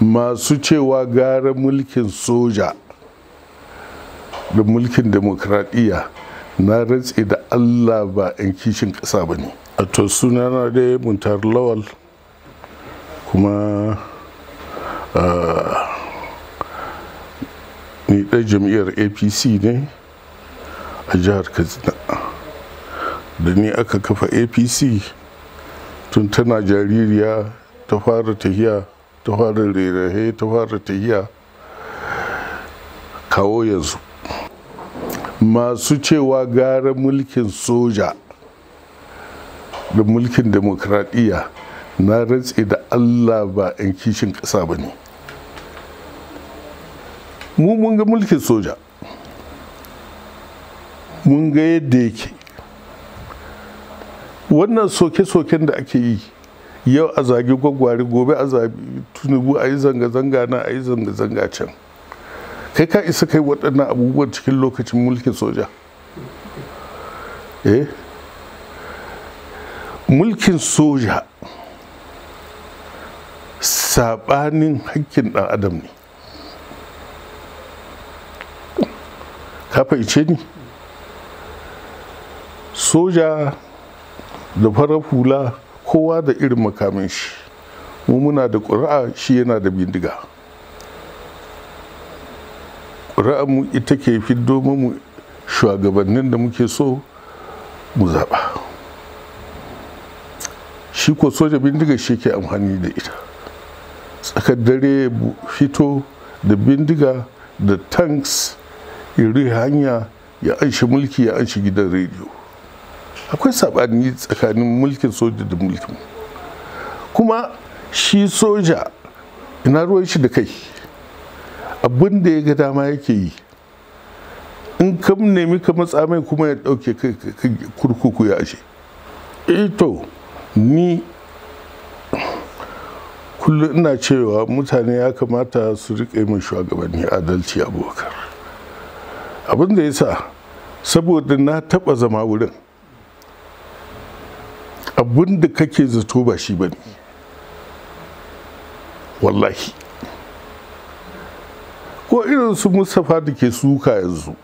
masu cewa gara mulkin soja da mulkin demokradiyya na rantse da allah ba 'yan kishin ƙasa ba ne a to da dai muntar lawal kuma ah, ni ɗan jam'iyyar apc ne a jihar katsina da ni aka kafa apc tun tana jaririya ta fara tahiya ta fara rerahe ta tahiya kawo yanzu masu cewa gara mulkin soja da mulkin demokradiyya na rantse da allah ba 'yan kishin ƙasa ba ne mu mun ga mulkin soja mun ga yadda yake wannan soke-soken da ake yi yau a zagi gwagware gobe a zagi tunubu a yi zanga-zanga na a yi zanga-zanga can kai ka isa kai waɗannan abubuwan cikin lokacin mulkin soja eh mulkin soja saɓanin hakkin ɗan adam ne ka fahimce ni soja da farar hula kowa da irin makamin shi mu muna da ƙuri'a shi yana da bindiga mu ita ke fiddo mu shugabannin da muke so mu zaɓa shi ko soja bindiga shi ke amfani da ita tsakar dare fito da bindiga da tanks ya hanya ya anshi mulki ya anshi gidan rediyo akwai saɓani tsakanin mulkin soja da mulkin kuma shi soja ina ruwan shi da kai abin da ya ga dama yake yi in ka nemi ka matsa mai kuma ya ɗauke kurkuku ya ashe eh to ni kullum ina cewa mutane ya kamata su riƙe mai shugabanni adalci abubakar abin da ya sa saboda na taɓa zama wurin abin da kake zato ba shi ba ne wallahi ko irin su mustapha da ke suka yanzu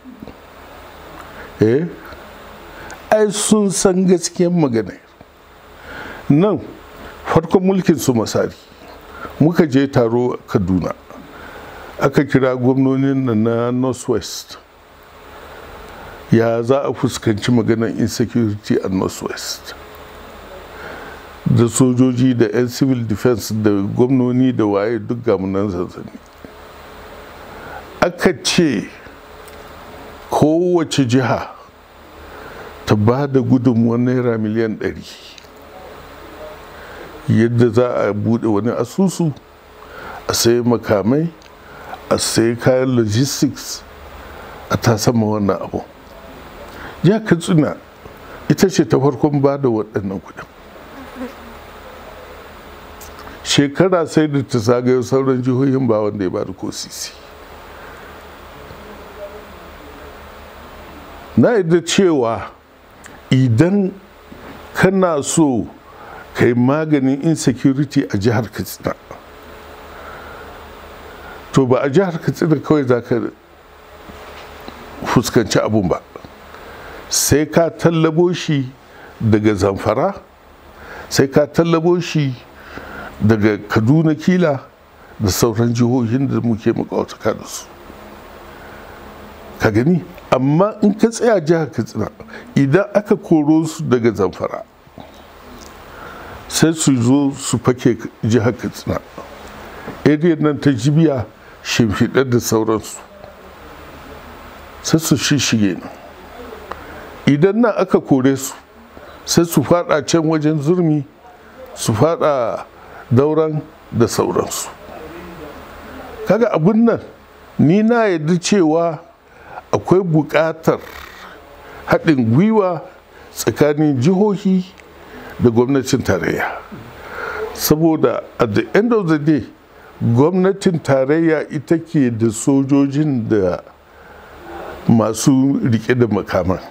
eh ai sun san gaskiyar magana nan farkon mulkin su masari muka je taro kaduna aka kira gwamnonin nan na northwest ya za a fuskanci maganar insecurity a northwest da sojoji da 'yan civil defense da gwamnoni da waye duk gamunan sansani aka ce kowace jiha ta ba da gudunmuwar naira miliyan 100 yadda za a buɗe wani asusu a sai makamai a sai kayan logistics a ta sama wannan abu ya katsina ita ce ta farkon ba da waɗannan kudin shekara sai da ta zagayo sauran jihohin ba wanda ya ba da kosisi na yadda cewa idan kana so ka yi maganin insecurity a jihar katsina to ba a jihar katsina kawai za ka fuskanci abun ba sai ka tallabo shi daga zamfara sai ka tallabo shi daga kaduna kila da sauran jihohin da muke makawataka da su ka gani amma in ka tsaya jihar katsina idan aka koro su daga zamfara sai su zo su fake jihar katsina ariyar nan ta jibiya shimfiɗar da sauransu sai su shishige nan idan nan aka kore su sai su fada can wajen zurmi su fada dauran da sauransu kaga abun nan ni na yadda cewa akwai buƙatar haɗin gwiwa tsakanin jihohi da gwamnatin tarayya saboda at the end of the day gwamnatin tarayya ita ke da sojojin da masu rike da makaman